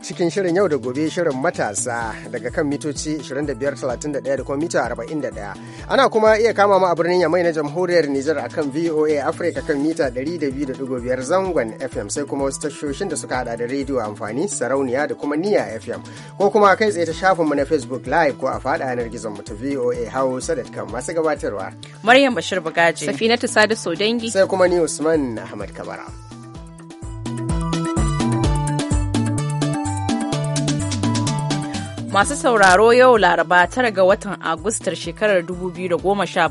cikin shirin yau da gobe shirin matasa daga kan mitoci 2531 da kuma mita 41 ana kuma iya kama mu a birnin yamai na jamhuriyar Nijar akan VOA Africa kan mita 200.5 zangon FM sai kuma wasu tashoshin da suka hada da rediyo amfani sarauniya da kuma niya FM ko kuma kai tsaye ta shafinmu na Facebook live ko a fada yanar gizon mu ta VOA kan masu gabatarwa Maryam Bashir Bagaji Safinatu Sadu Sodangi sai kuma ni Usman Ahmad Kabara Masu sauraro yau Laraba tara ga watan Agustar shekarar 2017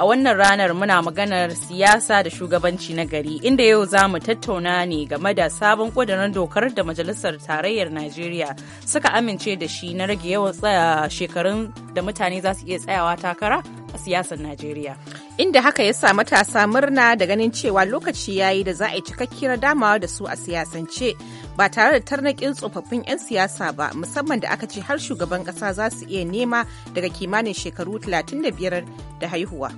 a wannan ranar muna maganar siyasa da shugabanci na gari inda yau za mu tattauna ne game da sabon ƙudanar dokar da Majalisar Tarayyar Najeriya suka amince da shi na rage yawan tsaya shekarun da mutane za su iya tsayawa takara a siyasar Najeriya. Inda haka ya sa matasa murna da ganin cewa lokaci yayi da za a yi cikakkiyar damawa da su a siyasance. ba tare da tarnakin tsofaffin 'yan siyasa ba musamman da aka ce har shugaban ƙasa za su iya nema daga kimanin shekaru 35 da haihuwa.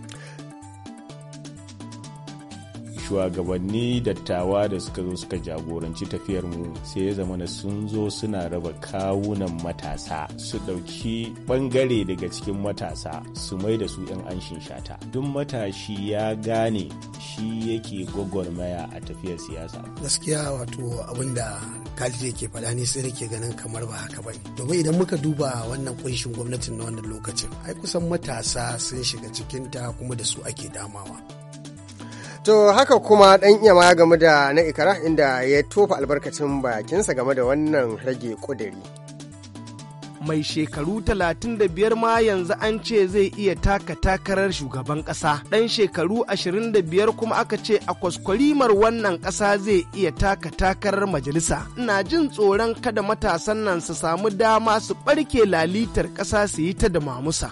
shugabanni dattawa da suka zo suka jagoranci tafiyar mu sai ya zama sun zo suna raba kawunan matasa su ɗauki ɓangare daga cikin matasa su mai da su 'yan an shata duk matashi ya gane shi yake gwagwarmaya a tafiyar siyasa gaskiya wato abin da kalli yake faɗa ne sai nake ganin kamar ba haka ba domin idan muka duba wannan kunshin gwamnatin na wannan lokacin ai kusan matasa sun shiga cikinta kuma da su ake damawa To haka kuma ɗan yama game da na ikara inda ya tofa albarkacin bakinsa game da wannan rage ƙudiri. mai shekaru 35 ma yanzu an ce zai iya taka takarar shugaban ƙasa ɗan shekaru 25 kuma aka ce a kwaskwarimar wannan ƙasa zai iya taka takarar majalisa ina jin tsoron kada matasan nan su samu dama su ɓarke lalitar ƙasa su yi ta da mamusa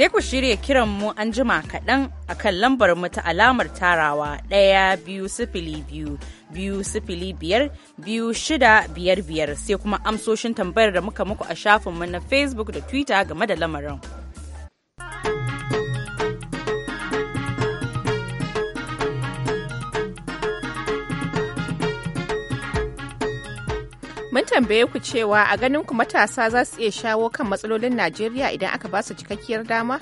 sai ku shirya kiran mu an jima kaɗan a kan lambar mu ta alamar tarawa ɗaya biyu sifili biyu biyu sifili biyar biyu shida biyar biyar sai kuma amsoshin tambayar da muka muku a shafinmu na facebook da twitter game da lamarin. tambaye ku cewa a ganin ku matasa za su iya shawo kan matsalolin Najeriya idan aka ba su cikakkiyar dama?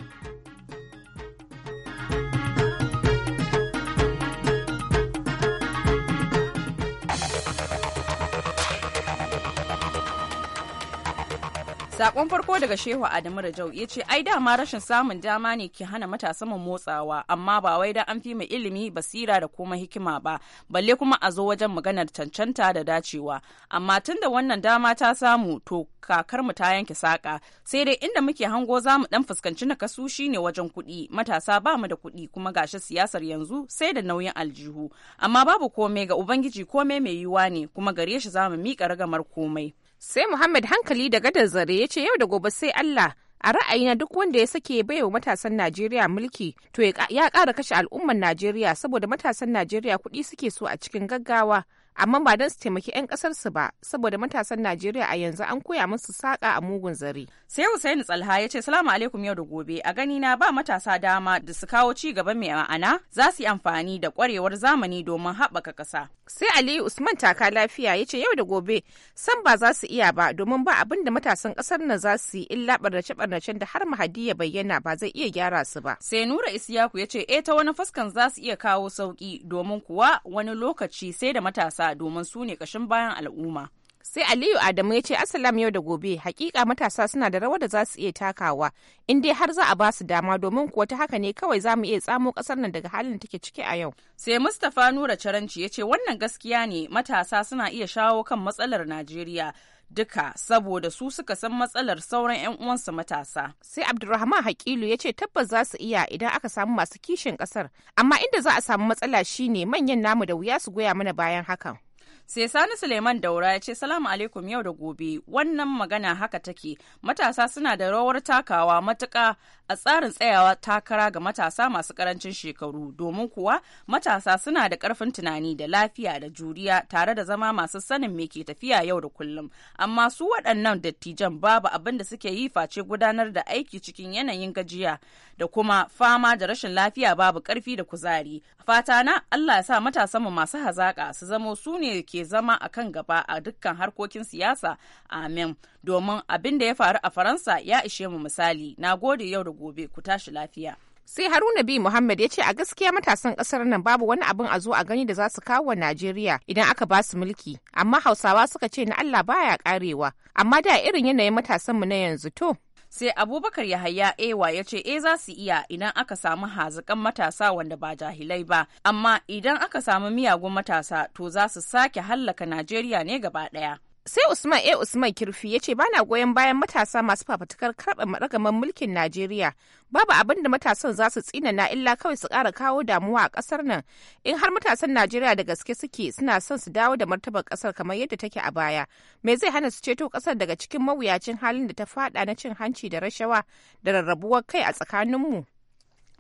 Sakon farko daga Shehu Adamu Rajau ya ce ai dama rashin samun dama ne ke hana matasa mu motsawa amma ba wai dan an fi mu ilimi basira da kuma hikima ba balle kuma a zo wajen maganar cancanta da dacewa amma tun da wannan dama ta samu to kakar mu ta yanke saka sai dai inda muke hango za mu dan fuskanci na kasu shine wajen kuɗi matasa ba mu da kuɗi kuma gashi siyasar yanzu sai da nauyin aljihu amma babu komai ga ubangiji komai mai yiwuwa ne kuma gare shi za mu miƙa ragamar komai. Sai Muhammad hankali da gadar zare ya ce yau da gobe sai Allah a ra'ayina duk wanda ya sake bai wa matasan Najeriya mulki to ya kara kashe al'ummar Najeriya saboda matasan Najeriya kuɗi suke so a cikin gaggawa amma ba don su taimaki 'yan ƙasarsu ba saboda matasan najeriya a yanzu an koya musu saƙa a mugun zare sai Hussaini tsalha ya ce salamu alaikum yau da gobe a gani na ba matasa dama da su kawo ci gaba mai ma'ana za su yi amfani da kwarewar zamani domin haɓaka ƙasa sai aliyu usman taka lafiya ya ce yau da gobe san ba za su iya ba domin ba abin da matasan ƙasar nan za su yi illa ɓarnace-ɓarnacen da har mahadi ya bayyana ba zai iya gyara su ba sai nura isyaku ya ce e ta wani fuskan za su iya kawo sauki domin kuwa wani lokaci sai da matasa domin su ne kashin bayan al'umma. sai aliyu adamu ya ce asalam yau da gobe hakika matasa suna da rawar da za su iya takawa in dai har za a ba su dama domin kuwa ta haka ne kawai za mu iya tsamo kasar nan daga halin da take ciki a yau sai mustapha nura caranci ya ce wannan gaskiya ne matasa suna iya shawo kan matsalar najeriya duka saboda su suka san matsalar sauran 'yan uwansu matasa. Sai Abdulrahman Hakilu ya ce tabbas za su iya idan aka samu masu kishin kasar, amma inda za a samu matsala shine manyan namu da wuya su goya mana bayan hakan. sai sani suleiman daura ya ce salamu alaikum yau da gobe wannan magana haka take matasa suna da rawar takawa matuka a tsarin tsayawa takara ga matasa masu karancin shekaru domin kuwa matasa suna da ƙarfin tunani da lafiya da juriya tare da zama masu sanin me ke tafiya yau da kullum amma su waɗannan dattijan babu abin da suke yi face gudanar da aiki cikin yanayin gajiya da kuma fama da rashin lafiya babu karfi da kuzari fata na Allah ya sa matasanmu masu hazaƙa su zamo su ne ke ke zama a kan gaba a dukkan harkokin siyasa amin domin abin da ya faru a faransa ya ishe mu misali na gode yau da gobe ku tashi lafiya sai haruna bi muhammad ya ce a gaskiya matasan kasar nan babu wani abin a zo a gani da za su kawo wa najeriya idan aka ba su mulki amma hausawa suka ce na allah baya karewa amma da irin yanayin matasanmu na yanzu to sai abubakar yahaya ewa ya ce e za su iya idan aka samu hazikan matasa wanda ba jahilai ba amma idan aka samu miyagun matasa to za su sake hallaka najeriya ne gaba ɗaya sai usman a eh, usman kirfi ya ce bana goyon bayan matasa masu fafatukar karɓa ragaman mulkin najeriya babu abin da matasan za su na illa kawai su ƙara kawo damuwa a ƙasar nan in har matasan najeriya da gaske suke suna son su dawo da martabar ƙasar kamar yadda take a baya me zai hana su ceto ƙasar daga cikin mawuyacin halin da ta faɗa na cin hanci da rashawa da rarrabuwar kai a tsakaninmu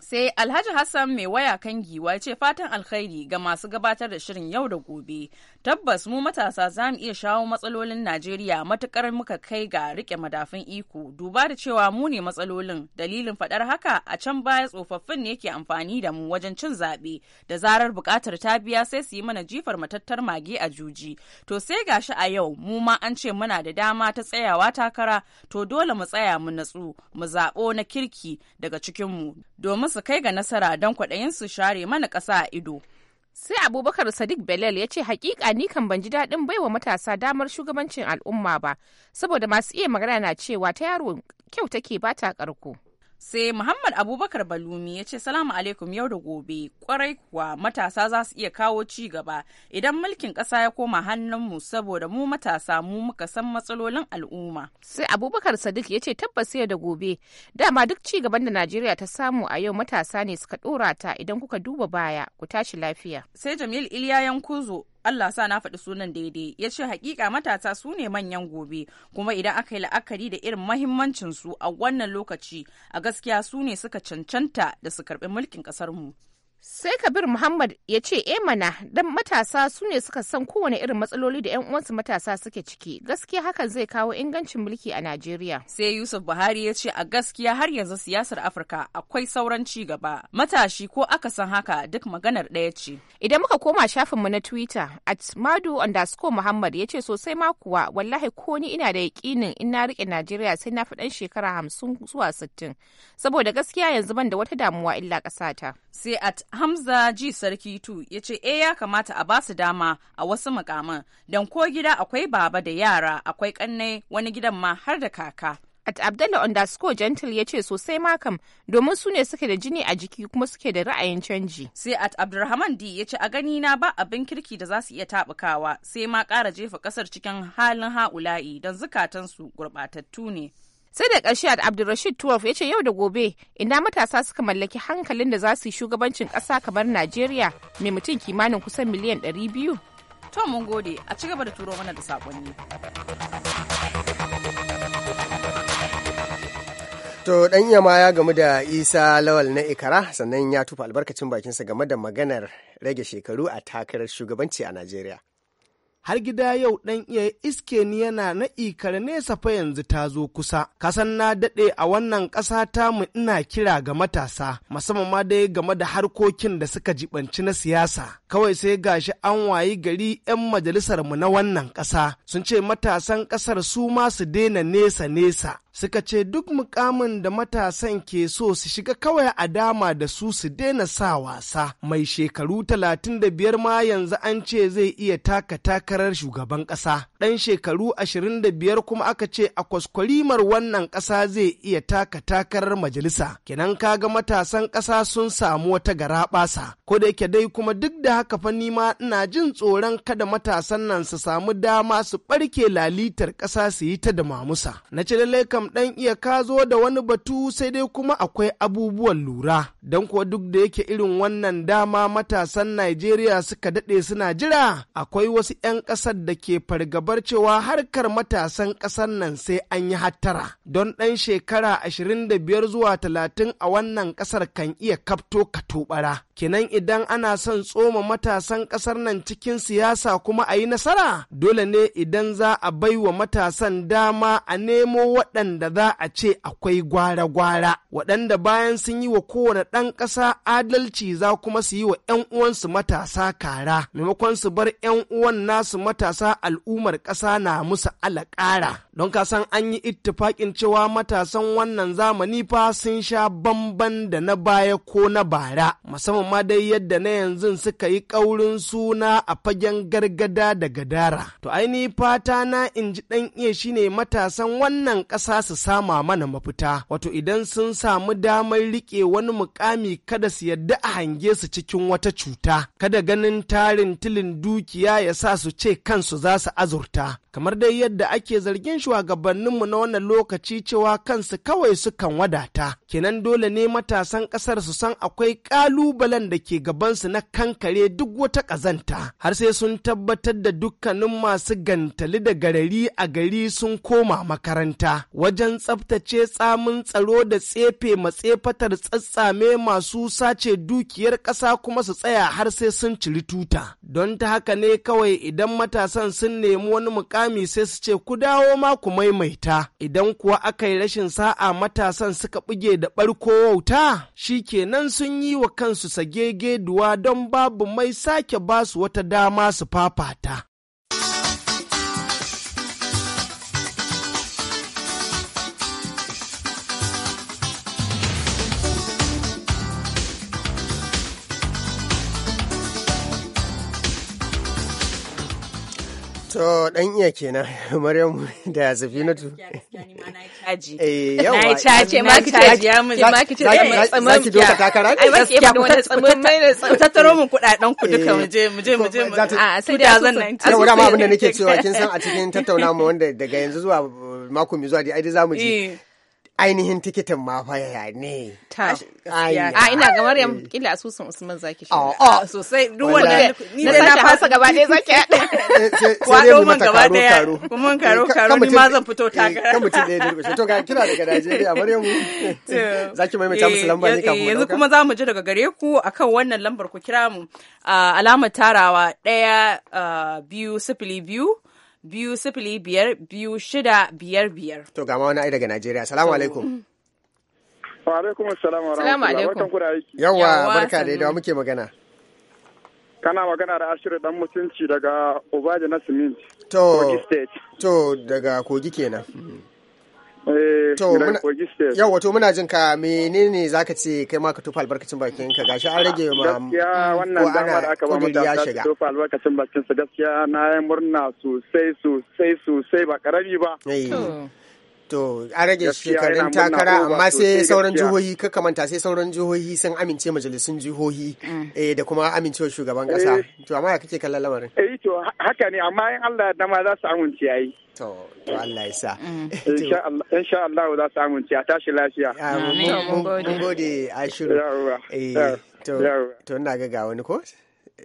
sai alhaji hassan mai waya kan giwa ce fatan alkhairi ga masu gabatar da shirin yau da gobe tabbas mu matasa za mu iya shawo matsalolin najeriya matukar muka kai ga rike madafin iko duba da cewa mu ne matsalolin dalilin fadar haka a can baya tsofaffin ne ke amfani da mu wajen cin zaɓe da zarar bukatar ta biya sai su yi mana jifar matattar mage a juji to sai gashi a yau mu ma an ce muna da dama ta tsayawa takara to dole mu tsaya mu natsu mu zaɓo na kirki daga cikinmu domin musu kai ga nasara don kwaɗayin su share mana ƙasa a ido. Sai Abubakar Sadiq Belal ya ce hakika ni kan ban ji daɗin baiwa matasa damar shugabancin al'umma ba, saboda masu iya magana na cewa ta yaro kyau take ba ta ƙarko. sai muhammad abubakar balumi ya ce salamu alaikum yau da gobe kwarai kuwa matasa za su iya kawo ci gaba idan mulkin ƙasa ya koma hannunmu saboda mu matasa mu muka san matsalolin al'umma sai abubakar sadiq ya ce tabbas yau da gobe dama duk ci gaban da najeriya ta samu a yau matasa ne suka dora ta idan kuka duba baya ku tashi lafiya sai jamil iliya yankuzo Allah sa na faɗi sunan daidai ya ce hakika matasa su ne manyan gobe kuma idan aka yi la'akari da irin mahimmancin su a wannan lokaci a gaskiya su ne suka cancanta da su karɓi mulkin ƙasar mu. sai kabir muhammad ya ce e mana dan matasa su ne suka san kowane irin matsaloli da 'yan uwansu matasa suke ciki gaskiya hakan zai kawo ingancin mulki a najeriya sai yusuf buhari ya ce a gaskiya har yanzu siyasar afirka akwai sauran ci gaba matashi ko aka san haka duk maganar ɗaya ce idan muka koma shafinmu na twitter at madu underscore muhammad ya ce sosai ma kuwa wallahi ko ni ina da yakinin in na riƙe najeriya sai na fi ɗan shekara hamsin zuwa sittin saboda gaskiya yanzu ban da wata damuwa illa ƙasata sai at Hamza ji Sarki tu ya ce e ya kamata a basu dama a wasu mukaman don ko gida akwai baba da yara akwai kannai wani gidan ma har da kaka. At Abdallah underscore Gentle ya ce sosai makam domin su ne suke da jini a jiki kuma suke da ra'ayin canji. Sai at Abdulrahman D ya ce a gani na ba abin kirki da za su iya tabukawa sai ma kara jefa kasar cikin halin ha'ula'i don zukatansu gurbatattu ne. sai da ƙarshe abdulrashid tuwaf ya ce yau da gobe ina matasa suka mallaki hankalin da za su yi shugabancin ƙasa kamar najeriya mai mutum kimanin kusan miliyan 200 to mun gode a ci gaba da turo mana da saƙonni To dan yama ya gamu da Isa Lawal na Ikara sannan ya tufa albarkacin bakinsa game da maganar rage shekaru a takarar shugabanci a Najeriya. har gida yau ɗan iya iske ni yana na ikare nesa fa yanzu ta zo kusa kasan na daɗe a wannan ƙasa ta mu ina kira ga matasa musamman ma dai game da harkokin da suka jibanci na siyasa kawai sai gashi an wayi gari 'yan majalisar mu na wannan ƙasa sun ce matasan ƙasar su ma su daina nesa nesa suka ce duk mukamin da matasan ke so su shiga kawai a dama da su su daina sa wasa mai shekaru 35 ma yanzu an ce zai iya taka takarar shugaban ƙasa ɗan shekaru 25 kuma aka ce a kwaskwarimar wannan ƙasa zai iya taka takarar majalisa kenan kaga matasan ƙasa sun samu wata garaɓasa ko da yake dai kuma duk da haka fa nima ina jin tsoron kada matasan nan su samu dama su ɓarke lalitar ƙasa su yi ta da mamusa na ce lallai kam Malam ɗan iya ka da wani batu sai dai kuma akwai abubuwan lura. Don kuwa duk da yake irin wannan dama matasan Najeriya suka daɗe suna jira akwai wasu 'yan ƙasar da ke fargabar cewa harkar matasan ƙasar nan sai an yi hattara. Don ɗan shekara 25 zuwa 30 a wannan ƙasar kan iya kafto ka tubara. kenan idan ana son tsoma matasan ƙasar nan cikin siyasa kuma a yi nasara dole ne idan za a bai wa matasan dama a nemo waɗanda za a ce akwai gwara-gwara waɗanda bayan sun yi wa kowane ɗan ƙasa adalci za kuma su yi wa 'yan uwansu matasa kara maimakon su bar 'yan uwan nasu matasa al'ummar ƙasa na musu alaƙara don kasan an yi ittifaƙin cewa matasan wannan zamani fa sun sha bamban da na baya ko na bara musamman ma dai yadda na yanzu suka yi ƙaurin suna a fagen gargada da gadara to aini fata na in ji ɗan iya shine matasan wannan ƙasa su sama mana mafita wato idan sun samu damar riƙe wani mukami kada su yadda a hange su cikin wata cuta kada ganin tarin tilin dukiya ya sa su ce kansu za su azurta kamar dai yadda ake zargin shugabanninmu na wannan lokaci cewa kansu kawai sukan wadata kenan dole ne matasan ƙasar su san akwai ƙalubalen da ke gabansu na kankare duk wata ƙazanta har sai sun tabbatar da dukkanin masu gantali da garari a gari sun koma makaranta wajen tsaftace tsamin tsaro da tsefe matsefatar tsatsame masu sace dukiyar ƙasa kuma su tsaya har sai sun ciri tuta don ta haka ne kawai idan matasan sun nemi wani mukami mukami sai su ce ku dawo ma ku maimaita idan kuwa aka yi rashin sa'a matasan suka buge da barko wauta shi kenan sun yi wa kansu sagegeduwa don babu mai sake basu wata dama su fafata. So ɗan iya kenan Maryam da Safinatu. Eh yawa. Na ma ki caje ya mun ma ki caje ma ki doka takara. Ai ma ki da wani tsamman mai ne tattaro mun kudaden ku duka mu je mu je mu je. Ah, a sai da zan nan. Ai wala abin da nake cewa kin san a cikin tattauna mu wanda daga yanzu zuwa mako mai zuwa dai ai za mu ji eh. ainihin tikitin ma fa ya ne. Ta. A ina ga Maryam kila asusun Usman zaki shi. Oh, oh, sosai duk wanda ni da na fasa gaba ɗaya zaki ko Kwa mun gaba ɗaya. mun karo eh, karo ni ma zan fito eh, takara. Kan mutum ɗaya durɓushe. To ga kira daga Najeriya Maryam. Zaki maimaita musu eh, lamba ne kan mu Yanzu kuma za mu ji daga gare ku akan wannan lambar ku kira mu. Ah, alamar tarawa ɗaya ah, biyu sifili biyu. biyu sifili biyar biyu shida biyar biyar. To gama wani ai daga Najeriya. Salamu alaikum. Wa alaikum salam wa rahmatullahi. Barkan ku da da muke magana. Kana magana da Ashiru dan mutunci daga Obaje na Siminti. To, to daga Kogi kenan. Eh, yau wato muna jin ka menene zaka ce kai ma ka tofa albarkacin bakin ka gashi an rage ma gaskiya wannan da aka ba mu da tofa albarkacin bakin sa gaskiya na yi murna sosai sosai sosai ba karami ba eh. To a rage shekarun takara amma sai sauran jihohi kakamanta sai sauran jihohi sun amince majalisun jihohi mm. eh, da kuma amincewa shugaban kasa. Eh. To amma ya kake kallon lamarin? Eh to haka ne amma in Allah da ma za su amince yayi. To to Allah ya sa. Mm. sha Allah za su amince a tashi lafiya. Ah, mun gode Ashiru. Eh to to ina ga ga wani ko?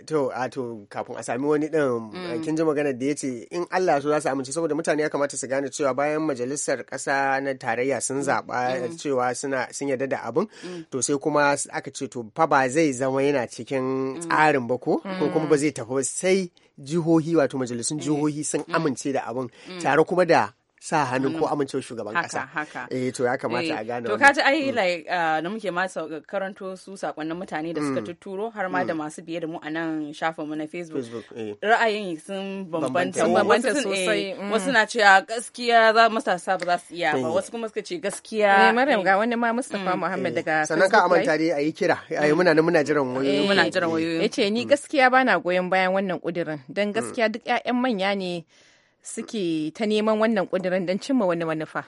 to a to kafin a sami wani din mm. kin ji magana da ya ce in Allah so za su amince saboda mutane ya kamata su gane cewa bayan majalisar ƙasa na tarayya sun mm. zaɓa mm. cewa suna sun yarda da abin to sai kuma aka ce to fa ba zai zama yana cikin tsarin ba ko ko kuma ba zai tafi sai jihohi wato majalisun eh. jihohi sun amince da abin tare kuma da sa hannu ko mm. amincewa shugaban kasa eh to ya kamata eh, a gane to kaji ai mm. like na uh, muke ma karanto su sakonnin mutane da suka mm. tutturo har ma da masu biye da mu a nan shafin mu na Facebook eh. ra'ayin sun bambanta bambanta eh, sosai wasu na cewa gaskiya za sa ba za su iya ba wasu kuma suka ce gaskiya eh Maryam ga wani ma Mustafa Muhammad daga sannan ka amanta dai ayi kira ayi muna nan muna jiran wayoyi muna jiran wayoyi yace ni gaskiya bana goyon bayan wannan kudirin dan gaskiya duk ƴaƴan manya ne suke ta neman wannan kudirin don cimma wani manufa?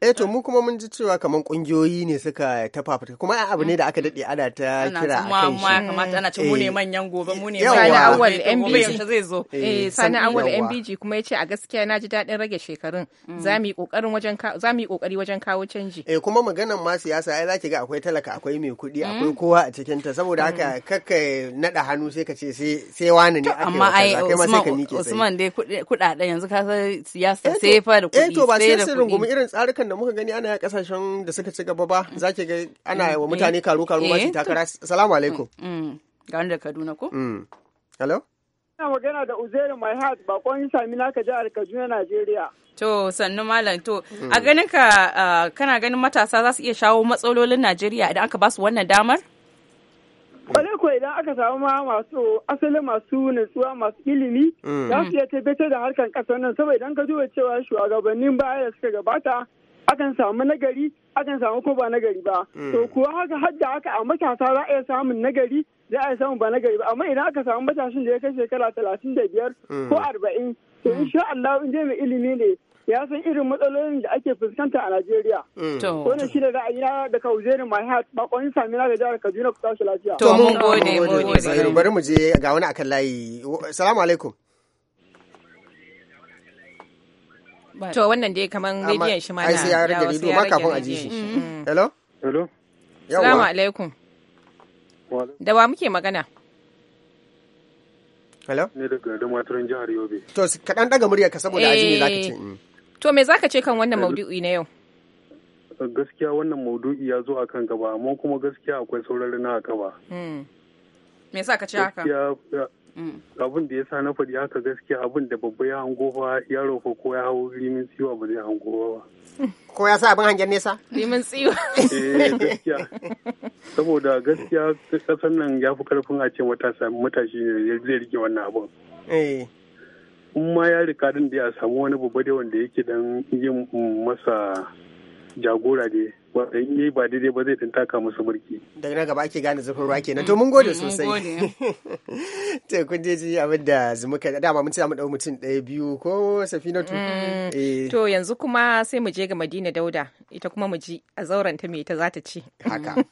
eh to mu kuma mun ji cewa kamar kungiyoyi ne suka tafa fafuta kuma abu ne da aka dade ana ta kira a kan shi ana kuma ana ce mu ne eh. manyan gobe mu ne sani awal MBG zai zo eh, eh sani awal MBG kuma yace a gaskiya na ji dadin rage shekarun mm. zamu yi kokarin wajen zamu yi kokari wajen kawo canji eh kuma maganar ma siyasa ai zaki ga akwai talaka akwai mai kuɗi mm. akwai kowa a cikin ta saboda haka mm. kakka nada hannu sai ka ce sai sai wani ne ake amma ai Usman Usman dai kudaden yanzu ka siyasa eh sai fa da kuɗi sai da kuɗi tsarukan da muka gani ana ya kasashen da suka ci gaba ba za ki ga ana mm, wa eh. mutane karo karo ba su eh, takara salamu alaikum mm, mm. ga da kaduna ko hello ina magana da uzeri my heart bakon sami ka jihar kaduna nigeria to sannu malam to a ganin ka ah, kana ganin matasa za su iya shawo matsalolin najeriya idan aka ba su wannan damar kwale kuwa idan aka samu ma masu asalin masu nutsuwa masu ilimi mm. za su iya tabbatar da harkar kasar nan saboda idan ka duba cewa shugabannin baya da suka gabata akan samu nagari akan samu ko ba nagari ba. Mm. To kuwa haka hadda haka a matasa za a iya samun nagari za a iya samun ba nagari ba amma idan aka samu matashin da ya kai shekara talatin da biyar mm. ko arba'in to insha Allah in je mai ilimi ne ya san irin matsalolin da ake fuskanta a Najeriya. Mm. Wannan shi da yi na da Kauzeri Mahat bakon sami na da jihar Kaduna ku tashi lafiya. To mun gode mun gode. Bari mu je ga wani akan layi. Assalamu alaikum. To wannan dai kaman rediyon shi ma na. Ai sai ya rage rediyo ma kafin a ji shi. Mm. Hello? Hello. Assalamu alaikum. Da wa muke magana? Hello? Ne daga da matarin jihar Yobe. To kaɗan daga muryarka saboda aji ne za ka ce. Eh. Mm. To me zaka ce kan wannan maudu'i na yau? Gaskiya wannan maudu'i ya zo akan gaba amma kuma gaskiya akwai saurari na gaba. Hmm. Me sa ka ce haka? Hmm. abin da ya sa na faɗi haka gaskiya abin da babba ya hango fa ya fa ko ya hau rimin tsiwa ba zai hango ba. Ko ya sa abin hangen nesa? Rimin tsiwa. Eh, gaskiya. Saboda gaskiya kasan nan ya fi karfin a ce matashi ne zai rike wannan abin. Eh. in ma ya rika din da ya samu wani babba da wanda yake dan yin masa jagora ne wanda in yi ba daidai ba zai dan taka masa mulki daga na gaba ake gane zafin ruwa kenan to mun gode mm, sosai to kun je ji abin da zumuka dama mun ci mu dau mutum ɗaya biyu ko safinatu mm. eh. to yanzu kuma sai mu je ga Madina Dauda ita kuma mu ji a zauren ta me ta za ta ci haka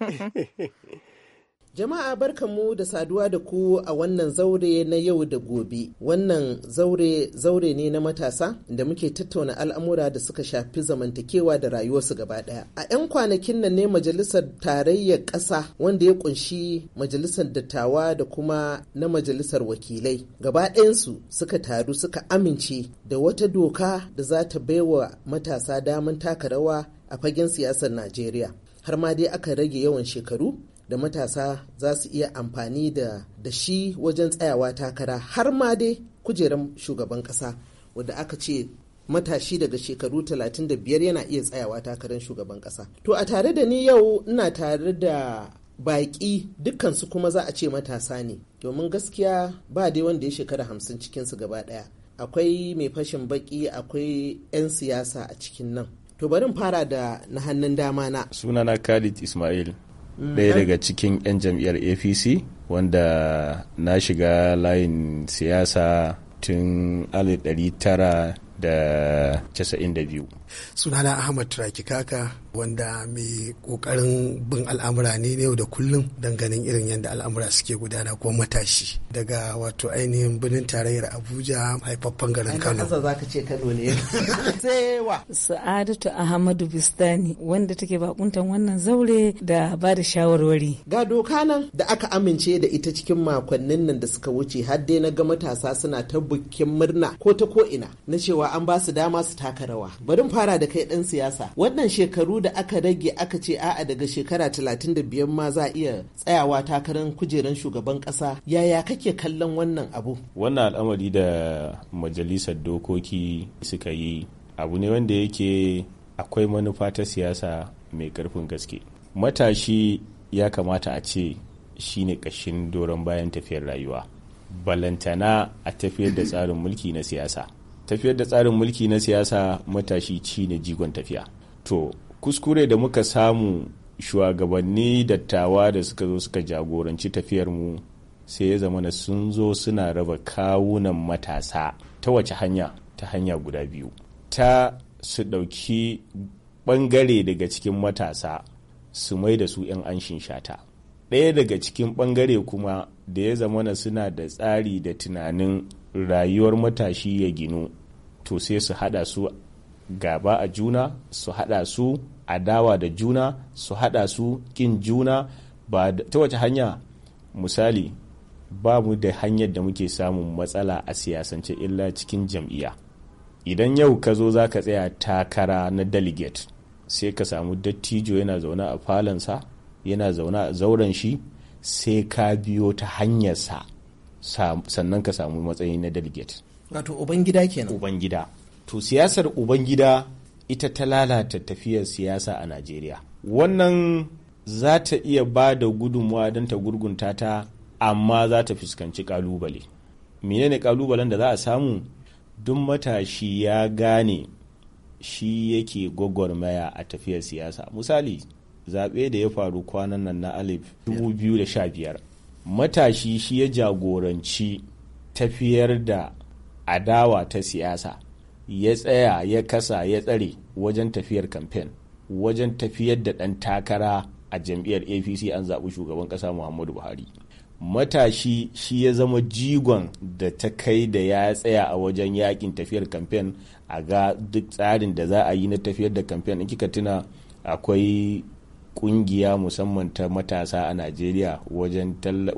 Jama'a barka mu da saduwa da ku a wannan zaure na yau da gobe. Wannan zaure zaure ne na matasa da muke tattauna al'amura da suka shafi zamantakewa da rayuwarsu gaba daya. A 'yan kwanakin nan ne majalisar tarayyar ƙasa wanda ya kunshi majalisar dattawa da kuma na majalisar wakilai. Gaba ɗayansu suka taru suka amince da wata doka da za ta baiwa matasa daman taka rawa a fagen siyasar Najeriya. Har ma dai aka rage yawan shekaru da matasa za su iya amfani da da shi wajen tsayawa takara har ma dai kujerar shugaban kasa wadda aka ce matashi daga shekaru 35 yana iya tsayawa takarar shugaban kasa to a tare da ni yau ina tare da baƙi dukkansu kuma za a ce matasa ne domin gaskiya ba dai wanda ya shekara hamsin cikinsu gaba ɗaya akwai mai fashin baƙi akwai 'yan siyasa a cikin nan to barin fara da na hannun dama na sunana khalid ismail ɗaya mm-hmm. daga cikin 'yan jam'iyyar apc wanda na shiga layin siyasa tun 1992 sunana ahmad turaki kaka wanda mai kokarin bin al'amura ne yau da kullum ganin irin yadda al'amura suke gudana ko matashi daga wato ainihin birnin tarayyar abuja haifaffen garin kano za ka ce kano ne sa'adatu ahmadu bistani wanda take bakuntan wannan zaure da ba da shawarwari ga doka nan da aka amince da ita cikin makonnin nan da suka wuce har dai na ga matasa suna ta bukin murna ko ta ko ina na cewa an ba su dama su taka rawa bari fara da kai dan siyasa wannan shekaru da aka rage aka ce a'a daga shekara 35 ma za a iya tsayawa takarar kujerar shugaban kasa yaya kake kallon wannan abu wannan al'amari da majalisar dokoki suka yi abu ne wanda yake akwai manufa ta siyasa mai karfin gaske matashi ya kamata a ce shine kashin doron bayan tafiyar rayuwa balantana a tafiyar da tsarin mulki na siyasa tafiyar da tsarin mulki na siyasa matashi ci ne jigon tafiya to kuskure da muka samu shugabanni dattawa da suka zo suka jagoranci tafiyarmu sai ya zama sun zo suna raba kawunan matasa ta wace hanya ta hanya guda biyu ta su ɗauki ɓangare daga cikin matasa su mai da su 'yan anshin shata ɗaya daga cikin ɓangare kuma da ya zamana suna da tsari da tunanin rayuwar matashi ya ginu to sai su hada su gaba a juna su hada su adawa da juna su hada su kin juna ba ta wace hanya misali ba mu da hanyar da muke samun matsala a siyasance illa cikin jam'iyya idan yau ka zo za ka tsaya takara na delegate sai ka samu dattijo yana zaune a falonsa yana zaune a zauren shi sai ka biyo ta hanyarsa sannan ka samu matsayi na delegate wato ubangida kenan ubangida to siyasar ubangida ita ta lalata tafiyar siyasa a najeriya wannan za ta iya ba da gudunmuwa don ta gurgunta ta amma za ta fuskanci kalubale ne kalubalen da za a samu duk matashi ya gane shi yake gwagwarmaya a tafiyar siyasa misali zaɓe da ya faru kwanan nan na alif 2015 matashi shi ya jagoranci tafiyar da adawa ta siyasa ya tsaya ya kasa ya tsare wajen tafiyar kamfen wajen tafiyar da ɗan takara a jam'iyyar apc an zaɓi shugaban ƙasa muhammadu buhari matashi shi ya zama jigon da ta kai da ya tsaya a wajen yakin tafiyar kamfen a ga duk tsarin da za a yi na tafiyar da kamfen in kika tuna akwai kungiya musamman ta matasa a najeriya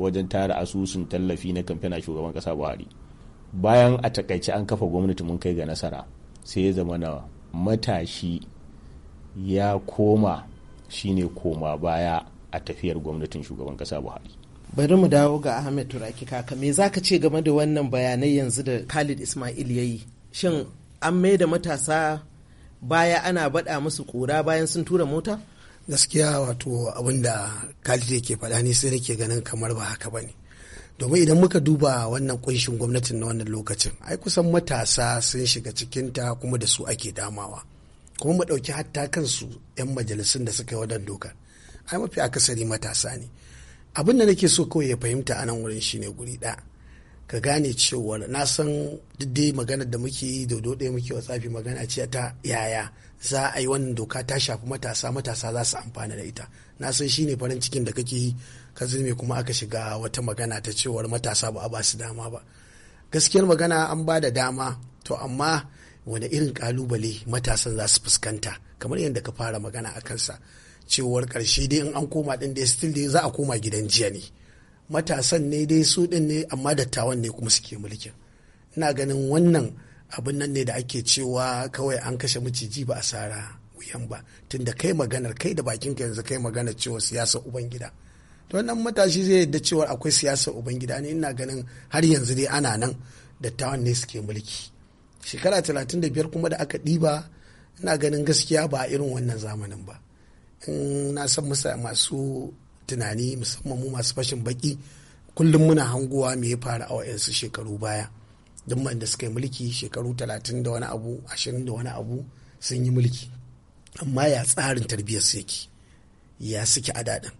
wajen tara asusun tallafi na kamfen a shugaban kasa buhari bayan a takaice an kafa gwamnati mun kai ga nasara sai ya zama na matashi ya koma shine koma baya a tafiyar gwamnatin shugaban kasa buhari bari mu dawo ga ahmed turaki kaka me zaka ce game da wannan bayanai yanzu da khalid ismail ya yi shin an mai da matasa baya ana baɗa musu ƙura bayan sun tura mota gaskiya wato abin da kalite ke faɗa ni sai nake ganin kamar ba haka ba ne domin idan muka duba wannan kunshin gwamnatin na wannan lokacin ai kusan matasa sun shiga cikinta kuma da su ake damawa kuma mu ɗauki hatta kansu 'yan majalisun da suka yi wadan dokar ai mafi akasari matasa ne abin da nake so kawai ya fahimta a nan wurin shine guri ɗaya ka gane cewa na san dai maganar da muke yi dodo ɗaya muke wa tsafi magana ce ta yaya za a yi wannan doka ta shafi matasa matasa za su amfana da ita na san shine farin cikin da kake yi ka zume kuma aka shiga wata magana ta cewar matasa ba a ba su dama ba gaskiyar magana an ba da dama to amma wani irin kalubale matasan za su fuskanta kamar yadda ka fara magana a kansa cewar karshe dai in an koma din da still dai za a koma gidan jiya ne matasan ne dai su ɗin ne amma dattawan ne kuma suke mulkin ina ganin wannan abin nan ne da ake cewa kawai an kashe miciji ba a sara wuyan ba tunda kai maganar kai da bakin ka yanzu kai maganar cewa siyasar ubangida to wannan matashi zai yadda cewa akwai siyasar ubangida ne ina ganin har yanzu dai ana nan dattawan ne suke mulki shekara talatin da biyar kuma da aka ɗiba ina ganin gaskiya ba a irin wannan zamanin ba in na san masu tunani musamman mu masu fashin baki kullum muna hanguwa me ya faru a wayansu shekaru baya duk da suka yi mulki shekaru talatin da wani abu ashirin da wani abu sun yi mulki amma ya tsarin tarbiyyar su yake ya suke a daɗin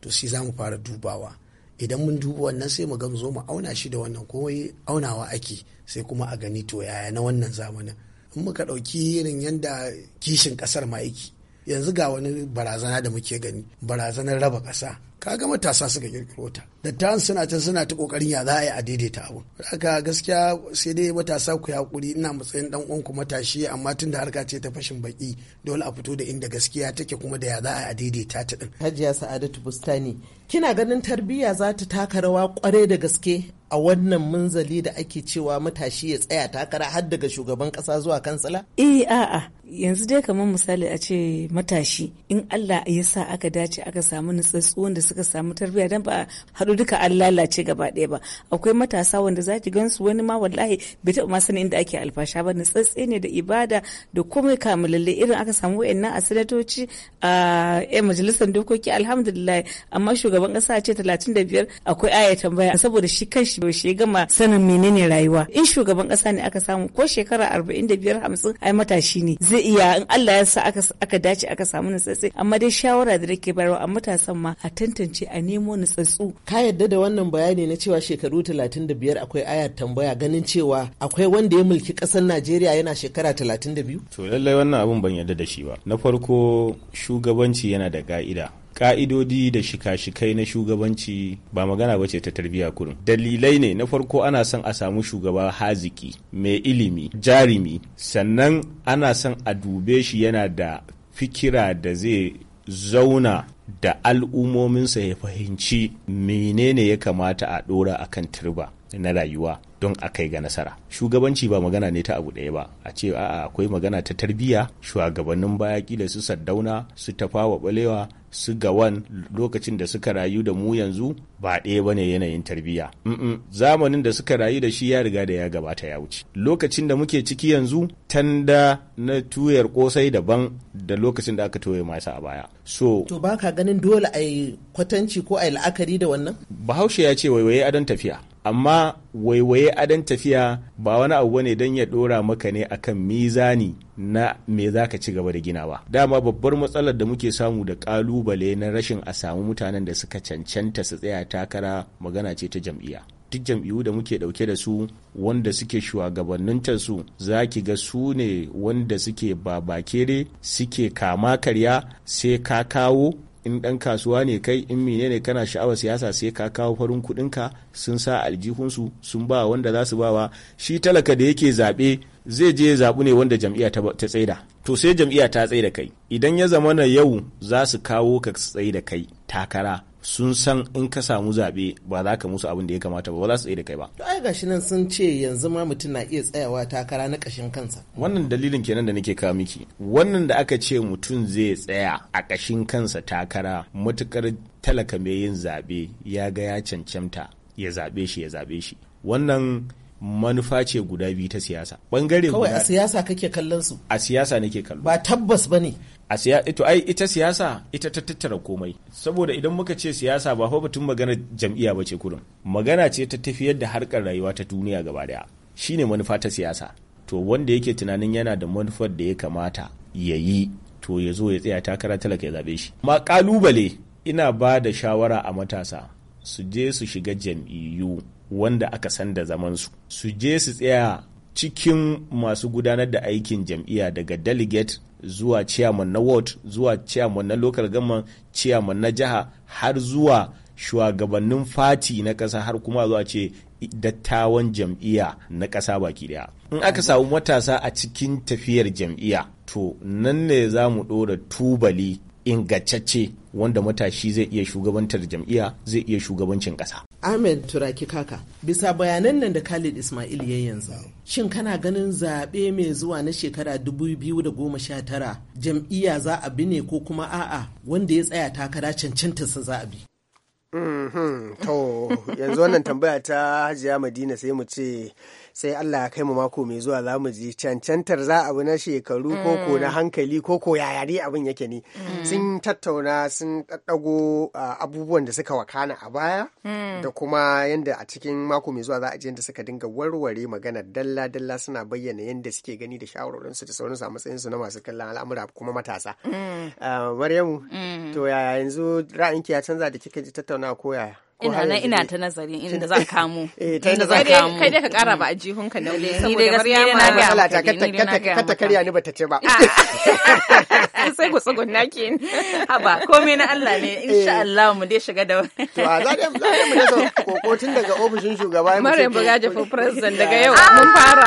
to sai za mu fara dubawa idan mun duba wannan sai mu gamu zo mu auna shi da wannan ko aunawa ake sai kuma a gani to yaya na wannan zamanin in muka ɗauki irin yadda kishin ƙasar ma yake yanzu ga wani barazana da muke gani barazanar raba ƙasa kaga matasa suka kirkiro ta dattawan suna can suna ta kokarin ya za a yi a daidaita abu haka gaskiya sai dai matasa ku hakuri ina matsayin dan uwan ku matashi amma tunda harka ce ta fashin baki dole a fito da inda gaskiya take kuma da ya za a yi a daidaita ta din hajiya sa'adatu bustani kina ganin tarbiyya za ta taka rawa kwarai da gaske a wannan munzali da ake cewa matashi ya tsaya takara har daga shugaban kasa zuwa kansala? Eh a'a yanzu dai kamar misali a ce matashi in Allah ya sa aka dace aka samu nutsatsu wanda suka samu tarbiyya dan ba haɗu duka an lalace gaba ɗaya ba akwai matasa wanda za ki gansu wani ma wallahi bai taɓa ma sanin inda ake alfasha ba tsatse ne da ibada da komai lalle irin aka samu wayannan a sanatoci a yan majalisar dokoki alhamdulillah amma shugaban ƙasa ce talatin da biyar akwai aya tambaya saboda shi kanshi bai shi gama sanin menene rayuwa in shugaban ƙasa ne aka samu ko shekara arba'in da biyar hamsin ai matashi ne zai iya in Allah ya sa aka dace aka samu natsatse amma dai shawara da nake bayarwa a matasan ma a tantance tantance a nemo nutsatsu ka yadda da wannan bayani na cewa shekaru 35 akwai ayar tambaya ganin cewa akwai wanda ya mulki kasar Najeriya yana shekara 32 to lallai wannan abun ban yadda da shi ba na farko shugabanci yana da ka'ida ka'idodi da shika-shikai na shugabanci ba magana ba ce ta tarbiyya kurum dalilai ne na farko ana son a samu shugaba haziki mai ilimi jarimi sannan ana son a dube shi yana da fikira da zai zauna da al'ummominsa ya fahimci menene ya kamata a ɗora kan turba na rayuwa don a kai ga nasara shugabanci ba magana ne ta abu ɗaya ba a ce a'a akwai magana ta tarbiyya shugabannin baya kila su saddauna su tafawa balewa su gawan lokacin da suka rayu da mu yanzu ba ɗaya bane yanayin tarbiyya zamanin da suka rayu da shi ya riga da ya gabata ya wuce lokacin da muke ciki yanzu tanda na tuyar kosai daban da lokacin da aka toye masa a baya so to ba ganin dole a kwatanci ko a la'akari da wannan bahaushe ya ce waiwaye adon tafiya amma waiwaye adon tafiya ba wani abu ne don ya dora maka ne akan mizani na me za ka ci gaba da ba dama babbar matsalar da muke samu da kalubale na rashin a samu mutanen da suka cancanta su tsaya takara magana ce ta jam'iyya duk jam'iyyu da muke dauke da su wanda suke shugabanninta su za ki ga su ne wanda suke babakere suke kama karya sai ka kawo in ɗan kasuwa ne kai in menene kana sha'awar siyasa sai ka kawo farin kuɗin ka sun sa aljihunsu sun ba wanda za su ba wa. shi talaka da yake zaɓe zai je zaɓu ne wanda jam'iyya ta tsaida to sai jam'iyya ta tsaida kai idan ya zama na yau za su kawo ka tsaida kai takara sun san in ka samu zaɓe ba za ka musu abin da ya kamata ba ba za su tsaye da kai ba. To ai gashi nan sun ce yanzu ma mutum na iya tsayawa takara na ƙashin kansa. Wannan dalilin kenan da nake kawo miki. Wannan da aka ce mutum zai tsaya a kashin kansa takara matukar talaka mai yin zaɓe ya ga ya cancanta ya zaɓe shi ya zaɓe shi. Wannan manufa ce guda biyu ta siyasa. Bangare kawai a siyasa kake kallon su. A siyasa nake kallo. Ba tabbas ba ne. a siya to ai ita siyasa ita ta tattara komai saboda idan muka ce siyasa ba fa batun magana jam'iyya ba ce kurin magana ce ta tafiyar da harkar rayuwa ta duniya gaba daya shine manufa ta siyasa to wanda yake tunanin yana da manufar da ya kamata ya yi to ya zo ya tsaya takara talaka ya zabe shi ma kalubale ina ba da shawara a matasa su je su shiga jam'iyyu wanda aka san da zaman su su je su tsaya cikin masu gudanar da aikin jam'iyya daga delegate zuwa ciyaman na ward zuwa ciyaman na local government ciyaman na jiha har zuwa shugabannin fati na kasa har kuma zuwa ce dattawan jam'iyya na kasa baki daya in aka samu matasa a cikin tafiyar jam'iyya to nan ne za mu ɗora tubali ingantacce wanda matashi zai iya shugabantar jam'iyya zai iya shugabancin ƙasa. Ahmed Turaki Kaka, bisa bayanan nan da Khalid Ismail ya yanzu, shin kana ganin zaɓe mai zuwa na shekara dubu biyu da goma sha tara jam'iyya za a bi ne ko kuma a'a wanda ya tsaya takara su za a bi? Mhm, to, yanzu wannan tambaya ta Hajiya Madina sai mu ce sai Allah ya kai mu mako mai zuwa za mu ji cancantar za abu na shekaru ko ko na mm. hankali ko ko yaya dai abin yake ne mm. sun tattauna sun ɗaɗɗago abubuwan da suka wakana a baya mm. da kuma yanda a cikin mako mai zuwa za a ji yanda suka dinga warware magana dalla dalla suna bayyana yadda suke gani da shawarorin su da sauransu a matsayin su na masu kallon al'amura kuma matasa ah, Maryamu to yaya yanzu ra'ayinki ya canza da kika ji tattauna ko yaya ina na ina ta nazari inda zan kamo eh, inda zan kamo kai dai ka kara ba mm. a jihun ka nan saboda Maryam na ga Allah ta karya ni bata ce ba sai ku ah. tsugunna ki haba komai na Allah ne eh. insha Allah mu dai shiga da to a za mu da koko tun daga ofishin shugaba Maryam Bugaje for president daga ah. yau mun fara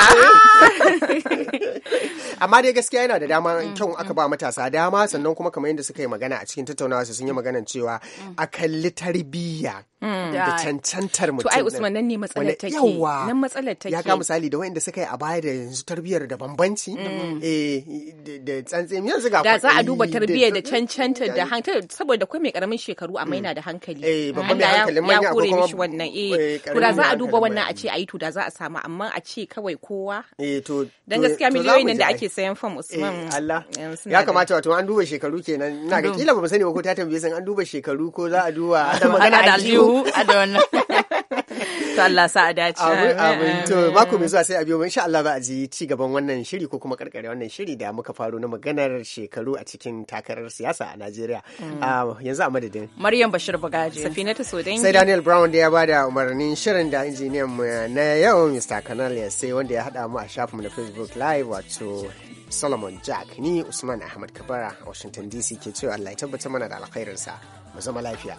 amma dai gaskiya yana da dama mm, kyau aka mm. ba matasa dama sannan kuma kamar yadda suka yi magana a cikin tattaunawa sun yi magana cewa a kalli tarbiyya Mm. da cancantar mutum to ai usman nan ne matsalar take yawa nan matsalar take ya ga misali da wanda suka yi a baya da yanzu tarbiyyar da bambanci mm. eh da tsantsin yanzu ga da za a duba tarbiyyar da cancantar da hankali saboda kai mai karamin shekaru a maina mm. da hankali eh babban mai hankali manya ko kuma mishi wannan eh to da za a duba wannan a ce ayi to da za a samu amma a ce kawai kowa eh to dan gaskiya miliyoyin nan da ake sayan fam usman eh, Allah eh, ya kamata wato an duba shekaru kenan ina ga kila ba mu sani ba ko ta tambaye san an duba shekaru ko za a duba magana da aljihu a da wannan to Allah sa a dace abin to mako mai zuwa sai a biyo mu insha Allah za a ji ci gaban wannan shiri ko kuma karkare wannan shiri da muka faro na maganar shekaru a cikin takarar siyasa a Najeriya mm. ah, yanzu a madadin Maryam Bashir Bagaje Safinatu Sodangi sai Daniel Brown da ya bada umarnin shirin da injiniyan mu na yau Mr. Kanal ya sai wanda ya hada mu a shafinmu na Facebook Live wato Solomon Jack ni Usman Ahmad Kabara Washington DC ke cewa Allah ya tabbata mana da alkhairinsa mu zama lafiya.